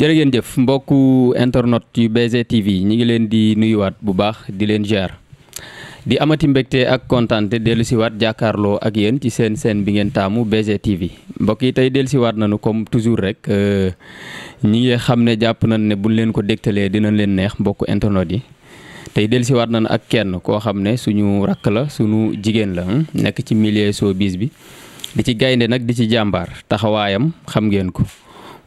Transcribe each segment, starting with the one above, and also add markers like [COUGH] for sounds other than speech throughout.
jërë jëf mbokku internet yu BG TV ñi ngi leen di nuyuwaat bu baax di leen ziar di amati mbégte ak kontaan te dellusiwaat jàkkaarloo ak yéen ci seen seen bi ngeen taamu BG TV mbokk yi tey dellusiwaat nañu comme toujours rek euh, ñi ngi xam ne jàpp nañ ne buñ leen ko dégtalee dinañ leen neex mbokku internet yi tey dellusiwaat nañ ak kenn koo xam ne suñu rakk la suñu jigéen la hmm, nekk ci milieu showbiz bi di ci gaynde nag di ci jàmbaar taxawaayam xam ngeen ko.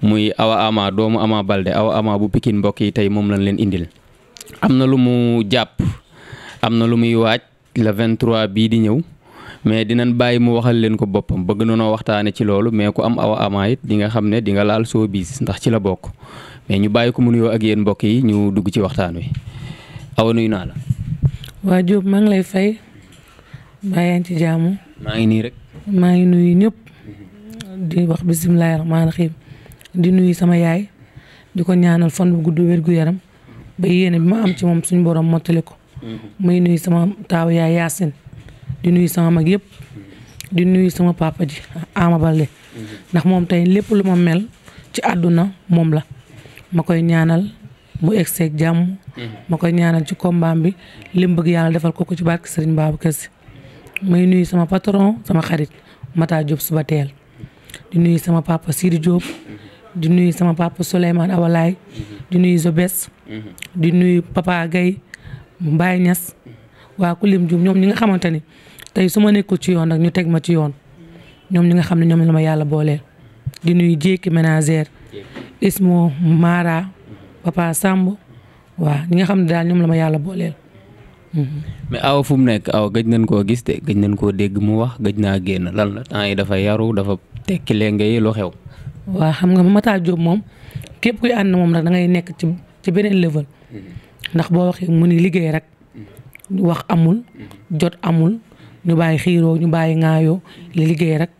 muy Awa Ama doomu Ama Balde Awa Ama bu Pikine mbokk yi tey moom lañ leen indil am na lu mu jàpp am na lu muy waaj le 23 bii di ñëw mais dinañ bàyyi mu waxal leen ko boppam bëgg na noo waxtaane ci loolu mais ku am Awa Ama it di xam ne di nga laal soo biis ndax ci la bokk mais ñu bàyyi ko mu nuyoo ak yéen mbokk yi ñu dugg ci waxtaan wi Awa nuyu naa la. waa Diop maa ngi lay fay mbaa ci jaamu. maa ngi nii rek. maa ngi nuyu di nuyu sama yaay di ko ñaanal fan bu gudd wérgu yaram ba yéene bi ma am ci moom suñ borom mottali ko mm-hmm. may nuyu sama taaw yaay Yaasin di nuyu sama mag yëpp di nuyu sama papa ji Ama mm-hmm. ndax moom tey lépp lu ma mel ci àdduna moom la ma koy ñaanal mu egg jàmm mm-hmm. ma koy ñaanal ci combat bi lim bëgg yàlla defal ko ko ci barke Serigne Babacar Sy may nuyu sama patron sama xarit Mata Diop suba teel di nuyu sama papa Sidi di nuyu sama papa Souleymane Awalaay di nuyu Zobes di nuyu papa Gaye Mbaye Niass waa lim Dioum ñoom ñi nga xamante ni tey su ma nekkul ci yoon nag ñu teg ma ci yoon ñoom ñi nga xam ne ñoom la ma yàlla booleel di nuyu jékki ménagère Ismo Mara papa Samb waa ñi nga xam ne daal ñoom la ma yàlla booleel. mais awa fu mu nekk aw gëj nañ koo gis de gëj nañ koo dégg mu wax gëj naa génn lan la temps yi dafa yaru dafa tekki lenge yi lu xew. waaw xam nga Matar jóob moom képp kuy ànd moom nag da ngay nekk ci ci beneen level mm-hmm. ndax boo waxee mu ni liggéey rek mm-hmm. wax amul mm-hmm. jot amul ñu bàyyi xiiroo ñu bàyyi ngaayo li liggéey rek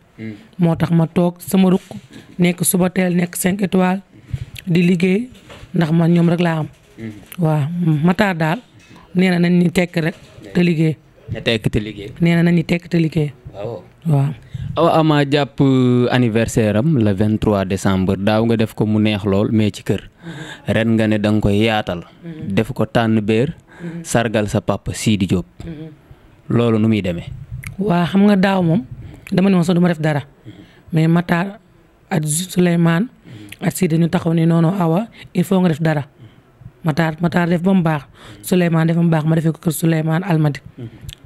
moo tax ma toog sama ruq nekk suba teel nekk cinq étoiles di liggéey ndax ma ñoom rek laa am waaw Matar daal nee na nañ ñu tekk rek te liggéey. na tekk te liggéey. nee na nañ ñu tekk liggéey. waaw Awa Ama jàpp euh, anniversaire am le 23 décembre daaw nga def ko mu neex lool mais ci kër ren nga ne da nga koy yaatal. Mm-hmm. def ko tànn béer. Mm-hmm. sargal sa papa siidi Diop. Mm-hmm. loolu nu muy demee. waa xam nga daaw moom dama ne woon sax duma def dara mais Matar ak Souleymane ak Sidi ñu taxaw ni noonu Awa il faut nga def dara. Matar Matar def ba mu baax Souleymane def ba mu baax ma defee ko kër Souleymane Almadi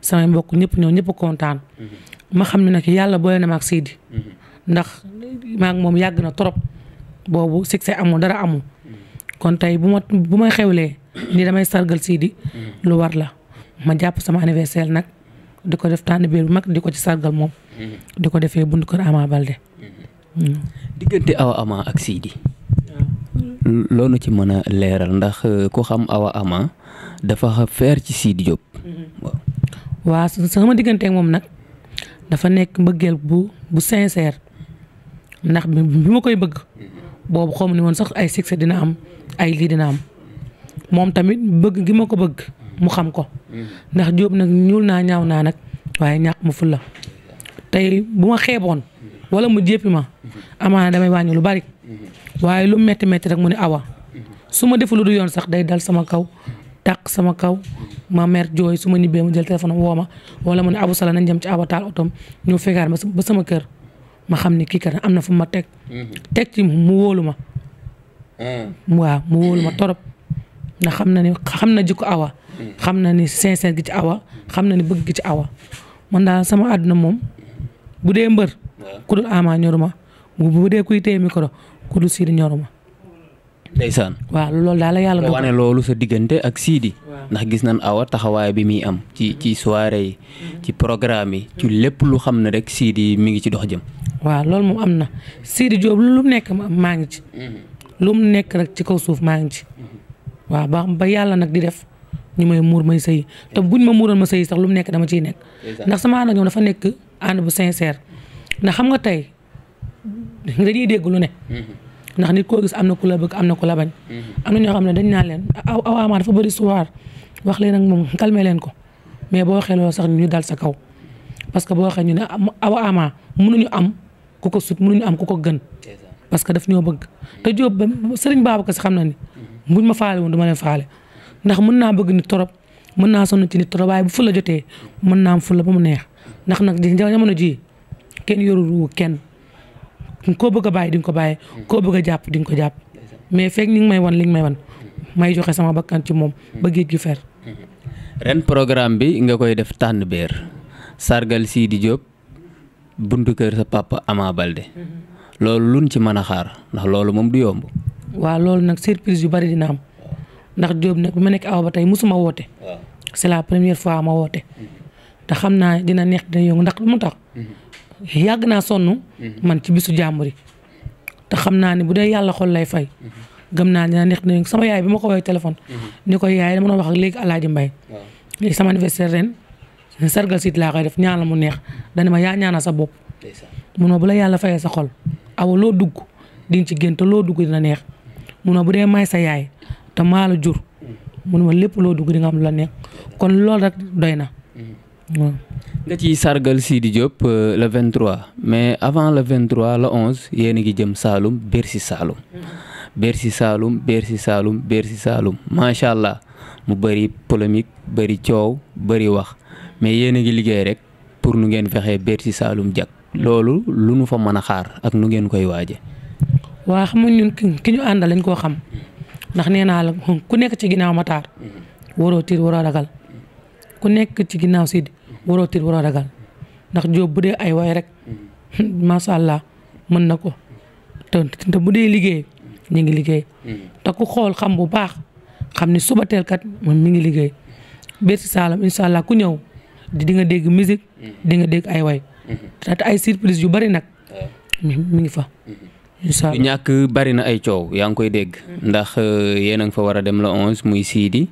samay mbokk ñëpp ñëw ñëpp kontaan. ma xam ne nag yàlla boole na ma ak Sidi. Mm-hmm. ndax maak moom yàgg na trop boobu succès amul dara amul. kon tey bu ma bu may xewlee ni damay sargal Sidi. Mm-hmm. lu war la ma jàpp sama anniversaire nag di ko def tànn biir bu mag di ko ci sargal moom. Mm-hmm. di ko defee buntu kër Ama Balde. Mm. diggante Awa Ama ak Sidi. loolu ci mën a leeral ndax euh, ko xam Awa Ama dafa feer ci Sidi Diop. waaw sama digganteeg moom nag. dafa nekk mbëggeel bu bu sincère ndax bi ma koy bëgg boobu xaw ma ni woon sax ay succès dina am ay lii dina am moom tamit bëgg gi ma ko bëgg mu xam ko ndax Diop nag ñuul naa ñaaw naa nag waaye ñàkk ma fulla tey bu ma xeeboon wala mu jéppi ma amaana damay wàññi lu bari waaye lu metti metti rek mu ne awa su ma deful lu du yoon sax day dal sama kaw tàq sama kaw ma mer jooy su ma ñibbee ma jël téléphone am woo ma wala mu ne Abou Sala nañ dem ci abataal otom ñëw fekkaat ma ba sama kër ma xam ne kii kat am na fu ma teg. Mm-hmm. teg ci mu wóolu ma. Mm. waaw mu wóolu ma torop ndax xam na ni xam na jikko awa. Mm. xam na ni sincère gi ci awa xam na ni bëgg gi ci awa man daal sama àdduna moom bu dee mbër. ku dul Ama ñoruma bu dee kuy téye micro ku dul Sidi ñoruma. ndeysaan waaw loolu daal la yàlla dogal wane loolu sa diggante ak Sidi ndax gis nañ awa taxawaay bi muy am ci ci soirée yi mhm. ci programme yi ci lépp lu xam ne rek Sidi mi ngi ci dox jëm waaw loolu moom am na Sidi Diop lu mu nekk maa ngi ci mhm. lu nekk rek ci kaw suuf maa ngi ci mhm. waaw ba ba yàlla nag di def ñu may muur may sëy te buñ ma muural ma sëy sax lu mu nekk dama ciy nekk ndax sama ànd ñoom dafa nekk ànd bu sincère ndax xam nga tey dañuy dégg lu ne ndax nit koo gis am na ku la bëgg am na ku la bañ. Mm-hmm. am na ñoo xam ne dañ naa leen aw awaamaa dafa bëri suwaar wax leen ak moom calmer leen ko mais boo xeloo sax ñu dal sa kaw parce que boo waxee ñu ne awaamaa mënuñu am ku ko sut mënuñu am ku ko gën. parce que daf ñoo bëgg te Diop ba Serigne Babacar si xam na ni mm-hmm. buñ ma faale woon du ma leen faale ndax mën naa bëgg ni torop mën naa sonn ci nit torop waaye bu fu la jotee mën naa am fu ba mu neex ndax nag jamono ji kenn yorul koo bëgg a bàyyi di nga ko bàyyi koo bëgg a jàpp di nga ko jàpp mais fekk ni nga may wan li nga may wan may joxe sama bakkan ci moom ba géej gi fer ren programme bi nga koy def tànn beer sargal di Diop buntu kër sa papa Ama Balde loolu luñ ci mën a xaar ndax loolu moom du yomb waaw loolu nag surprise yu bari dina am ndax jóob nag bi ma nekk aw ba tey musuma woote c'est la première fois ma woote te xam naa dina neex dina yëngu ndax mu tax mhm. yàgg naa sonn. Mhm. man ci bisu jàmbur yi. te xam naa ne bu dee yàlla xol lay fay. Mhm. gëm naa dina neex ne sama yaay bi ma ko woowee téléphone. Mhm. ni ko yaay dama doon wax ak léegi Alaaji Mbay sama anniversaire ren sargal laa koy def ñaan la mu neex dana ma yaa ñaanal sa bopp. bu la yàlla fayee sa xol awa dugg di ci génn te loo dugg dina neex munoo bu dee may sa yaay te maa jur jur mun ma lépp loo dugg di nga am lu la neex kon loolu rek doy na. nga ciy sargal Sidi Diop euh, le 23 mais avant le 23 le 11 yéen a ngi jëm Saalum Bercy Saalum. Bercy Saalum Bercy Saalum Bercy Saalum macha allah mu bëri polémique bëri coow bëri wax mais yéen a ngi liggéey rek pour nu ngeen fexee Bercy Saalum jag loolu lu nu fa mën a xaar ak nu ngeen koy waaje waa xam nga ki ñu àndal lañ koo xam ndax nee naa la ku nekk ci ginnaaw Matar waroo tiir waroo ragal ku nekk ci ginnaaw Sidi waroo tiit waroo ragal ndax Diop bu dee ay waay rek mm-hmm. macha allah mën na ko te te bu dee liggéey ñu ngi liggéey. Mm-hmm. te ku xool xam bu baax xam ni suba teel kat moom mi ngi liggéey biir salam saalam allah ku ñëw di nga dégg musique mm-hmm. di nga dégg ay way te ay surprise yu bari nag mi ngi fa. ñàkk bari na ay coow yaa ngi koy dégg. Mm-hmm. ndax euh, yéen a nga fa war a dem la onze muy siidi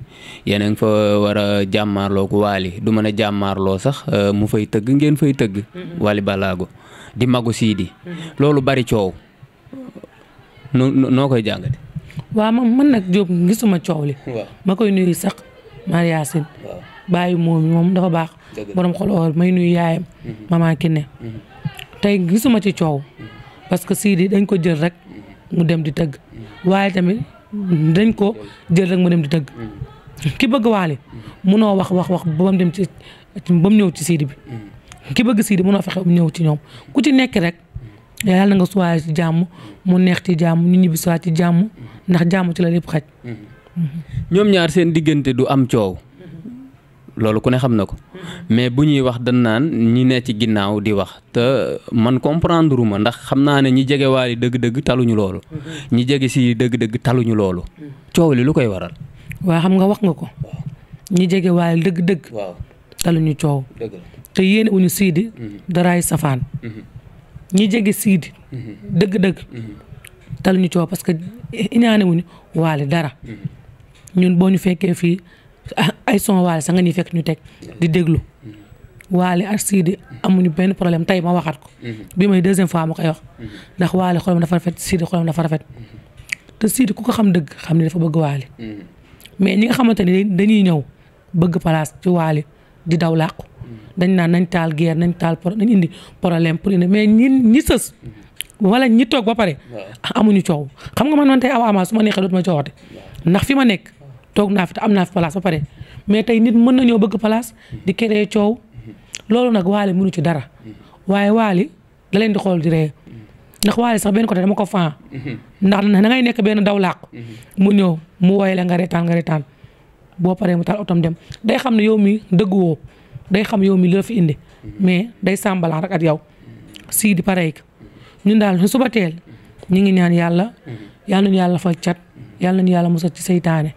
yéen fa war a jàmmaarloo ko Waly du mën a jàmmaarloo sax euh, mu fay tëgg ngeen fay tëgg. Mm-hmm. Waly Balago di magu Sidi. Mm-hmm. bari coow noo noo koy jàngate. waaw man man nag Diop gisuma coow li. ma koy nuyu sax Mariasin. waaw bàyyi moom moom dafa baax. borom xol oor may nuyu yaayam. maman Kiné. tey gisuma ci coow. parce que Sidi dañ ko jël rek mu dem di tëgg waaye tamit dañ ko jël rek mu dem di tëgg ki bëgg waali munoo wax wax wax ba mu dem ci ba mu ñëw ci Sidi bi ki bëgg Sidi munoo fexe mu ñëw ci ñoom ku ci nekk rek yàlla na nga suwaay ci jàmm mu neex ci jàmm ñu ñibbi suwaay ci jàmm ndax jàmm ci la lépp xaj ñoom ñaar seen diggante du am coow loolu ku ne xam na ko mais bu ñuy wax dan naan ñi ne ci ginnaaw di wax te man comprendre ma ndax xam naa ne ñi jege waali dëgg-dëgg taluñu loolu ñi jege si dëgg taluñu loolu coow li lu koy waral waaw xam nga wax nga ko ñi jege dëgg-dëgg taluñu te yéen uñu siidi mhm. daraay safaan mhm. ñi jege siidi mhm. dëgg-dëgg taluñu coow parce que inaane wuñu waali dara ñun boo ñu fekkee fii ay son waale sax nga ni fekk ñu teg di déglu waale ak Sidi amuñu benn problème tey ma waxaat ko. Mhm. bi may deuxième fois ma koy wax. Mhm. ndax waale xolam dafa rafet Sidi xolam dafa rafet. Mhm. te siid ku ko xam dëgg xam ne dafa bëgg waale. mais ñi nga xamante ne dañuy ñëw bëgg place ci waale di daw làqu. dañ naan nañ taal guerre nañ taal nañ indi problème pour indi mais ñi ñi sës. wala ñi toog ba pare. amuñu coow xam nga man man tey awa amaa su ma neexee dootuma coowate. ndax fi ma nekk toog naa fi te am naa fi place ba pare mais tey nit mën nañoo bëgg place di créer coow loolu nag waali mënu ci dara waaye waali da leen di xool di ree ndax waali sax benn côté dama ko faa ndax na ngay nekk benn daw làqu mu ñëw mu woy la nga retaan nga retaan boo paree mu taal otom dem day xam ne yow mi dëgguwoo day xam yow mi li fi indi mais day sàmbalaan rek ak yow sii di pareeg ñun daal suba teel ñu ngi ñaan yàlla yàlla nañu yàlla fay cat yàlla nañu yàlla musal ci seytaane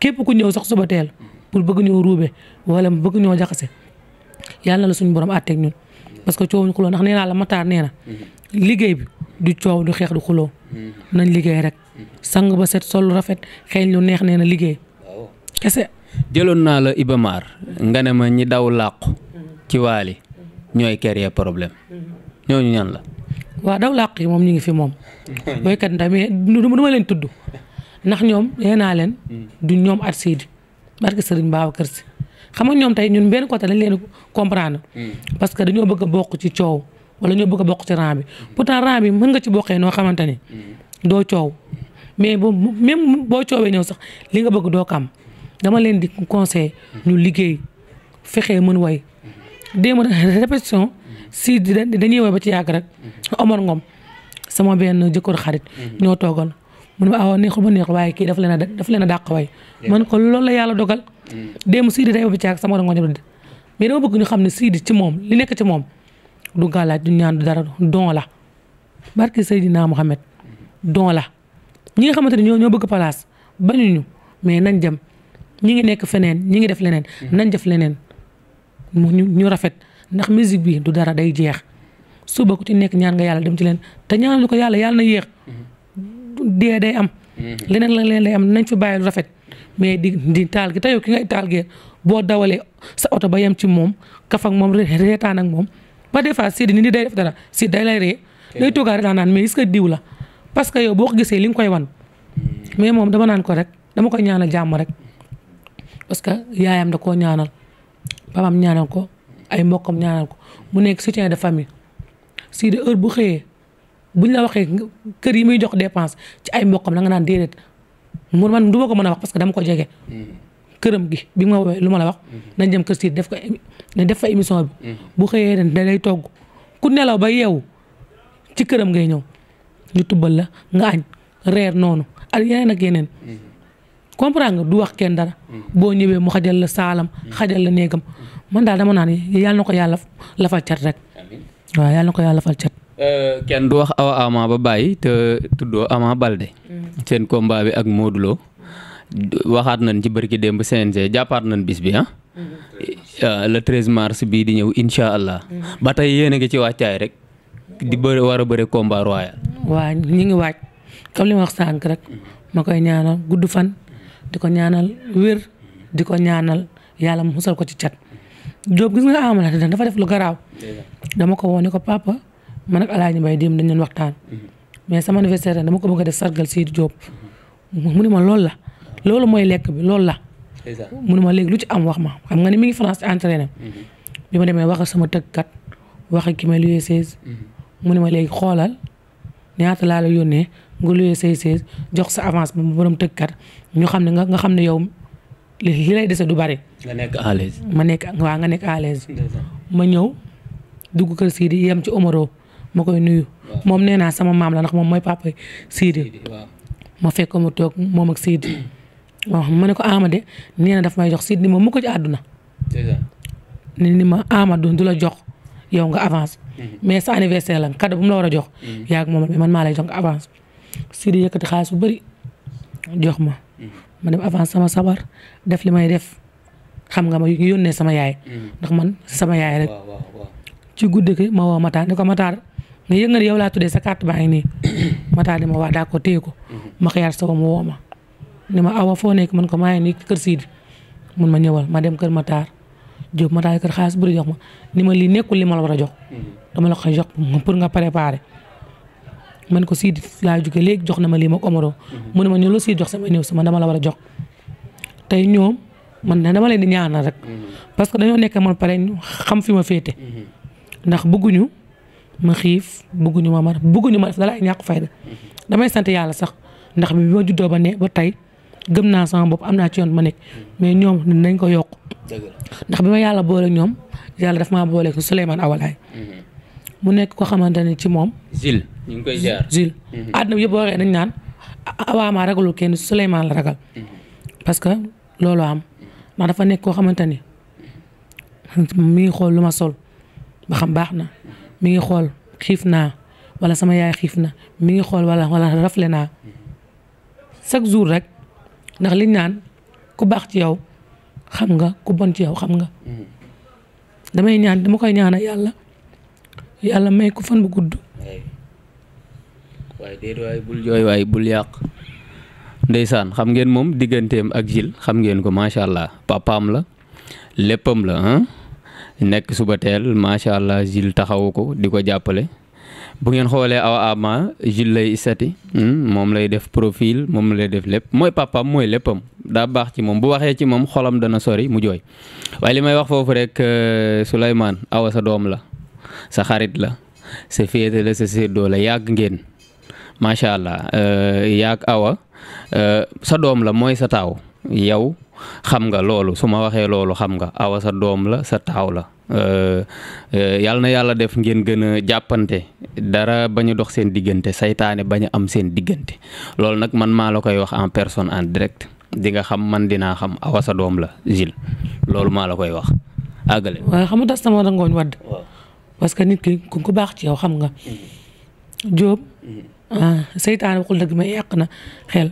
képp ku ñëw sax suba teel pour bëgg ñoo ruube wala bëgg ñoo jaxase yàlla la suñu borom àtteeg ñun parce que coowuñu xuloo ndax nee naa la mataar nee liggéey bi du coow du xeex du xuloo nañ liggéey rek sang ba set sol rafet xeeñ lu neex nee na liggéey kese jëloon naa la Ibamar nga ne ma ñi daw làqu ci waali ñooy créer problème ñooñu ñan la waaw daw làqu yi moom ñu ngi fi moom woykat [LAUGHS] tamit du ma leen tudd ndax ñoom nee naa leen. du ñoom at sii di barke Serigne Babacar Sy xam nga ñoom tey ñun benn côté lañ leen comprendre. parce que dañoo bëgg a bokk ci coow wala ñoo bëgg bokku bokk ci rang bi pourtant rang bi mën nga ci bokkee noo xamante ni. doo coow mais bu même boo coowee ñëw sax li nga bëgg doo ko am dama leen di conseil ñu liggéey fexee mën way démb répétition di dañuy woy ba ci yàgg rek Omar Ngom sama benn jëkkër xarit ñoo toogal. mu ne ma awa neexul ba neexul waaye kii daf leen a daf leen a man ko loolu la yàlla dogal mm. démb Sidi day boppi caag sama rango ñëpp di mais dama bëgg ñu xam ne Sidi ci moom li nekk ci moom du gàllaaj du ñaan du dara don la barke Seydina Mohamed don la ñi nga xamante ne ñoo ñoo bëgg place bañuñu mais nañ jëm ñi ngi nekk feneen ñi ngi def leneen mm-hmm. nañ def leneen mu ñu rafet ndax musique bi du dara day jeex suba ku ci nekk ñaan nga yàlla dem ci leen te ñaanalu ko yàlla yàlla na yéex mm-hmm. dee day am. Mm-hmm. leneen la leen day am nañ fi bàyyi lu rafet mais di di taal gi te yow ki ngay taal gi boo dawalee sa oto ba yem ci moom kaf moom reetaan ak moom ba des fois si nit ñi def dara si day lay ree. day toogaa reetaan naan mais parce que yow boo ko gisee li koy wan. Mm-hmm. mais moom dama naan ko rek dama koy ñaanal jàmm rek parce que yaayam da koo ñaanal papaam ñaanal ko ay mbokkam ñaanal ko mu nekk soutien de famille si de heure bu xëyee buñ la waxee kër yi muy jox dépense ci ay mbokkam da nga naan déedéet mu man du ma ko mën a wax parce que dama ko jege. këram gi bi ma woowee lu ma la wax. nañ dem kër si def ko ne def fa émission bi. bu xëyee ren da lay togg ku nelaw ba yeewu ci këram ngay ñëw ñu tubbal la nga añ reer noonu ak yeneen nag yeneen. comprendre nga du wax kenn dara. boo ñëwee mu xajal la saalam. xajal la néegam man daal dama naan yàlla na ko yàlla lafal cat rek. waaw ko yàlla lafal cat. Euh, kenn du wax awa ama ba bàyyi te tuddoo ama balde mm. seen combat bi ak Modou waxaat nañ ci barki démb CNG jàppaat nañ bis bi ah mm. euh, le 13 mars bii di ñëw incha allah mm. ba tey yéen a ngi ci wàccaay rek di bëri war a bëri combat royal waaw ñi ngi waaj comme li ma wax sànq rek ma koy ñaanal gudd fan di ko ñaanal wér di ko ñaanal yàlla mu musal ko ci cat Diop gis nga amala dafa def lu garaaw dama ko woone ko papa man ak Alaaji Mbay démb dañ waxtaan mhm. mais sama anniversaire ren dama ko bëgg a def sargal Seydou Diop mu ne ma loolu la loolu mooy lekk bi loolu la mu ne lu ci am wax ma xam nga mi ngi France entraîné mhm. bi ma demee wax sama tëggkat wax ki may luyee seize mhm. mu ne ma léegi xoolal ñaata laa yónnee nga luyee say seize jox sa avance ba mu borom tëggkat ñu xam ne nga nga xam ne yow li lay dese du bari nga nekk à l'aise ma nekk waaw nga nekk à l'aise ma ñëw dugg kër Sidi yem ci Omaro ma koy nuyu. moom nee naa sama maam la ndax moom mooy papa Sidi. ma fekk mu toog moom ak Sidi. ma ne ko Amady nee na daf may jox Sidi moom mu ko ci àdduna. ni ni ma Amadou du la jox yow nga avance. mais sa anniversaire la cadeau bu la war a jox. Mm-hmm. yaa ak moom mais man maa lay jox nga avance. Sidi yëkkati xaalis bu bëri jox ma. Mm-hmm. ma dem avance sama sabar def li may def xam nga ma yónnee sama yaay. Mm-hmm. ndax man sama yaay rek. ci guddi gi ma woo Matar ne yëngal yow laa tuddee sa carte baa ngi nii [COUGHS] ma taal di ma wax daa ko téye ko mhm. ma xëyaat soo mu woo ma ne ma awa foo nekk man ko maa ngi nii kër Sidi mun ma ñëwal ma dem kër Matar Diop Matar kër xaalis buri jox ma ni ma lii nekkul li ma la war a jox mhm. dama la koy jox pour nga préparer man ko Sidi laa jóge léegi jox na ma lii ma omoro mu mhm. ne ma ñoo la Sidi jox sama néew sama dama la war a jox tey ñoom man dama leen di ñaanal rek parce que dañoo nekk man pare xam fi ma féete ndax bëgguñu ma xiif bëgguñu ma mar bëgguñu ma def dalaay ñàkk fayda damay sant yàlla sax ndax bi ma juddoo ba ne ba tey gëm naa sama bopp am naa ci yoon ma nekk mais ñoom nañ ko yokk ndax bi ma yàlla boole ñoom yàlla daf maa boole ko Souleymane Awalaay mm-hmm. mu nekk ko xamante ne ci moom Zil ñu ngi koy jaar Zil mm-hmm. nañ naan awaamaa kenn Souleymane la mm-hmm. que loolu am ndax dafa nekk koo xamante ni mi ngi xool lu ma sol ba xam baax na mi ngi xool xiif naa wala sama yaay xiif na mi ngi xool wala wala rafle naa chaque jour rek ndax li naan ku baax ci yow xam nga ku bon ci yow xam nga. Mm-hmm. damay ñaan dama koy ñaan a yàlla yàlla may ko fan bu gudd. waaye déedéet waaye bul waaye bul yàq. ndeysaan xam ngeen moom digganteem ak Gilles xam ngeen ko macha allah papaam la léppam la nekk suba teel macha allah Gilles taxawu ko di ko jàppale bu ngeen xoolee awa ama Gilles lay isati hmm, moom lay def profil moom lay def lépp mooy papam mooy léppam daa baax ci moom bu waxee ci moom xolam dana sori mu jooy waaye li may wax foofu rek euh, Souleymane awa sa doom la sa xarit la sa féete sa séddoo la yàgg ngeen macha allah euh, yàgg awa euh, sa doom la mooy sa taaw. yow xam nga loolu su ma waxee loolu xam nga awa sa doom la sa taaw la euh, euh, yàlla na yàlla def ngeen gën a jàppante dara bañ a dox seen diggante seytaane bañ a am seen diggante loolu nag man maa la koy wax en personne en direct dinga xam man dinaa xam awa sa doom la Gilles loolu maa la koy wax àggale. waaw xam sama rangooñ wadd parce nit ki ku baax ci yow xam nga Diop. Mm-hmm. Ah, seytaane waxul dëgg mais yàq na xel.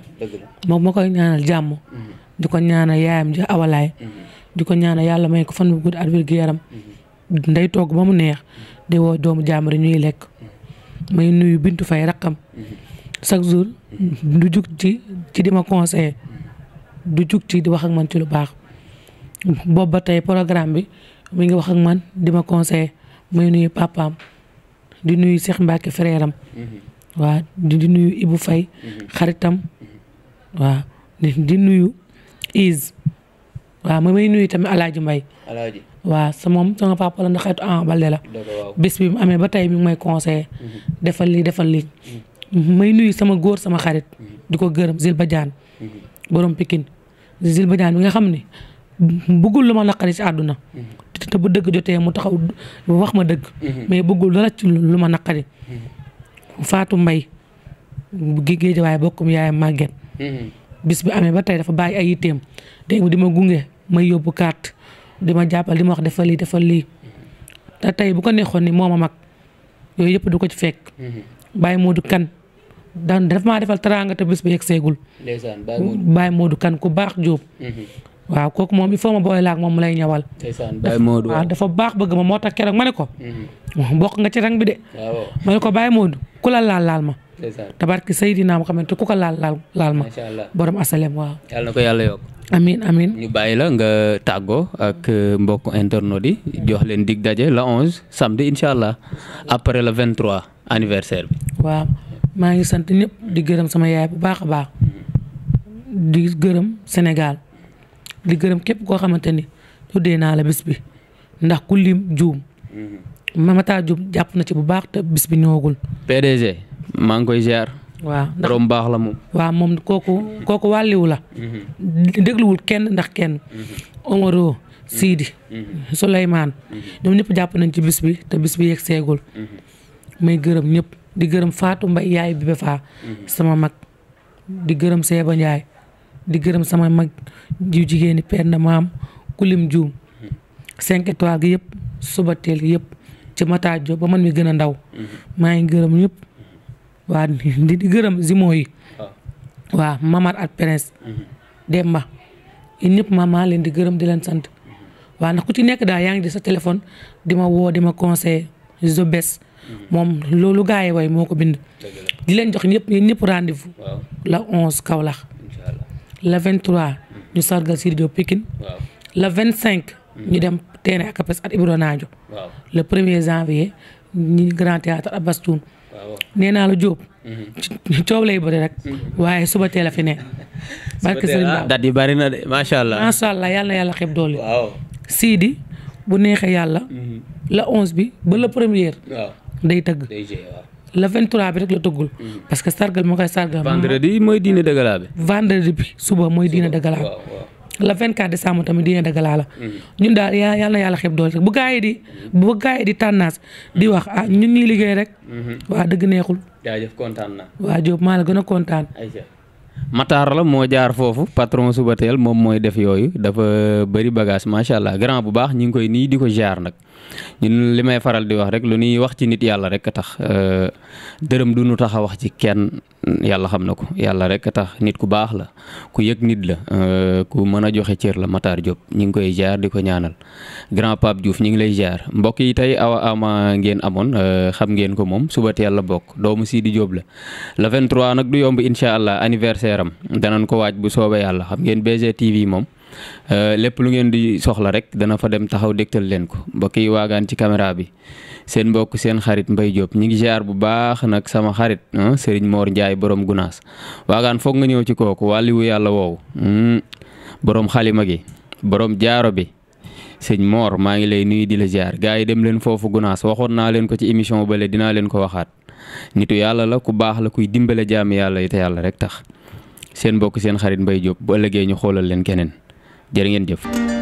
moom moo koy ñaanal jàmm. Mm-hmm. di ko ñaanal yaayam ji awalaay. Mm-hmm. di ko ñaanal yàlla may ko fan bu gudd at yaram. Mm-hmm. nday togg ba mu neex. di woo doomu jàmm rek ñuy lekk. may nuyu Bintu Fay raqam. chaque jour du jug ci ci di ma conseiller. du jug ci di wax ak man ci lu baax. boobu ba tey programme bi mi ngi wax ak man di ma conseiller may nuyu papaam di nuyu Cheikh Mbacke frère waaw di nuyu Ibou Faye mhm. xaritam mhm. waaw di nuyu Ise waaw ma may nuyu tamit Alaaji Mbay waaw sama papa la ndax xeetu ah balde la bés mu amee ba tey mi ngi may conseillé mhm. defal lii defal lii may nuyu sama góor sama xarit di ko gërëm Zil Badiane borom Pikine Zil Badiane bi nga xam ne bëggul lu ma naqari si àdduna bu dëgg jotee mu taxaw wax ma dëgg mais bëggul dara ci lu ma naqari Fatou bu géej waaye bokkum yaayam màgget mhm. bis bi amee ba tey dafa bàyyi ay yitteem dégg di ma gunge may yóbbu carte di ma jàppal di ma wax defal lii defal lii te tey bu ko neexoon ni moom a mag yooyu yëpp du ko ci fekk mhm. bàyyi Modou Kan daan dafa ma defal teraanga te bis bi yegg seegul bàyyi Modou Kan ku baax Jóob waaw kooku moom il faut ma boole laak moom mu lay ñawal. waaw dafa baax bëgg ma moo tax keroog ma ne ko. Mhm. bokk nga ci rang bi ko Baye Modou ku la laal laal ma. naa moo Muhammad ku ko laal laal laal ma. borom asalem waaw. yàlla ko yàlla yokk. amin amin ñu bàyyi la nga tàggoo ak euh, mbokk internet di jox leen dig daje la 11 samedi incha allah après le 23 anniversaire bi. waaw maa ngi sant ñëpp di gërëm sama yaay bu baax a baax mhm. di gërëm Sénégal. di gërëm képp koo xamante ni tuddee naa la bis bi ndax ku lim juum. Mhm. Mamata Diop jàpp na ci bu baax te bis bi ñëwagul. PDG maa ngi koy ziar. waaw ndax borom baax la moom. waaw moom kooku kooku wàlliwu la. Mhm. dégluwul kenn ndax kenn. Mhm. Omaro Sidi. Souleymane. ñoom jàpp nañ ci bis te bis bi yegg seegul. may gërëm di gërëm Fatou Mbaye yaay bi faa. sama mag di gërëm Seba Ndiaye. di gërëm sama mag jiw jigéeni pend maam kulim juum cinq étoiles yëpp suba teel yëpp ci Mata ba man mi gën a ndaw maa ngi gërëm ñëpp waa gërëm zimo yi ah. waa Mamar ak Prince Demba yéen ñëpp maa maa leen di gërëm di leen sant waa ndax ku ci nekk daal yaa ngi di sa téléphone di ma woo di ma conseillé zo bes moom loolu gars yi way moo ko bind di leen jox ñëpp yéen ñëpp rendez la onze Kaolack le 23 ñu sargal Sidy Diop Pikine le 25 ñu dem terrain ak apes at Ibro Naajo le premier janvier ñu grand théâtre Abbas Thioune nee naa la Diop mhm. coow lay bëri rek mhm. waaye suba teel a fi ne [LAUGHS] barke sëriñ Ba dat yi bari na de macha allah macha allah yàlla na yàlla xeb doole Sidy bu neexee yàlla mhm. la onze bi ba le premier day tëgg le 23 bi rek la tëggul. Mm-hmm. parce que sargal moo koy sargal. mooy diine dagalaa bi. vendredi bi suba mooy diine dagalaa. waaw le 24 décembre tamit diine dagalaa la. Mm-hmm. ñun daal yàlla na yàlla xeeb doole rek bu gaa yi di mm-hmm. bu di tànnaas di wax ah ñun ñuy liggéey rek. waa dëgg neexul. jaajëf kontaan naa. waa Diop maa la gën a kontaan. Matar la moo jaar foofu patron suba teel moom mooy def yooyu dafa bëri bagage macha allah grand bu baax ñu ngi koy nii di ko jaar nag ñun li may faral di wax rek lu ñuy wax ci nit yàlla rek a tax euh, dërëm du nu tax wax ci kenn. yàlla xam na ko yàlla rek a tax nit ku baax la ku yëg nit la euh, ku mën a joxe cër la Matar Diop ñu ngi koy jaar di ko ñaanal grand Pape Diouf ñu ngi lay jaar mbokk yi tey awa ama ngeen amoon euh, xam ngeen ko moom suba teel la bokk doomu Sidi Diop la le 23 nag du yomb incha allah anniversaire am danañ ko waaj bu soobee yàlla xam ngeen BG TV moom. Euh, lépp lu ngeen di soxla rek dana fa dem taxaw dégtal leen ko mbokk yi waagaan ci caméra bi seen mbokk seen xarit Mbaye Diop ñi ngi jaar bu baax nag sama xarit Serigne moor njaay boroom Gunaas waagaan foog nga ñëw ci kooku wàlliwu yàlla woowu hmm, borom xalima gi borom jaaro bi sëñ Mor maa ngi lay nuyu di la ziar gars yi dem leen foofu Gunaas waxoon naa leen ko ci émission bële dinaa leen ko waxaat nitu yàlla la ku baax la kuy dimbale jaami yàlla yi te yàlla rek tax seen mbokk seen xarit mbay Diop bu ëllëgee ñu xoolal leen keneen. jërë ngeen jëf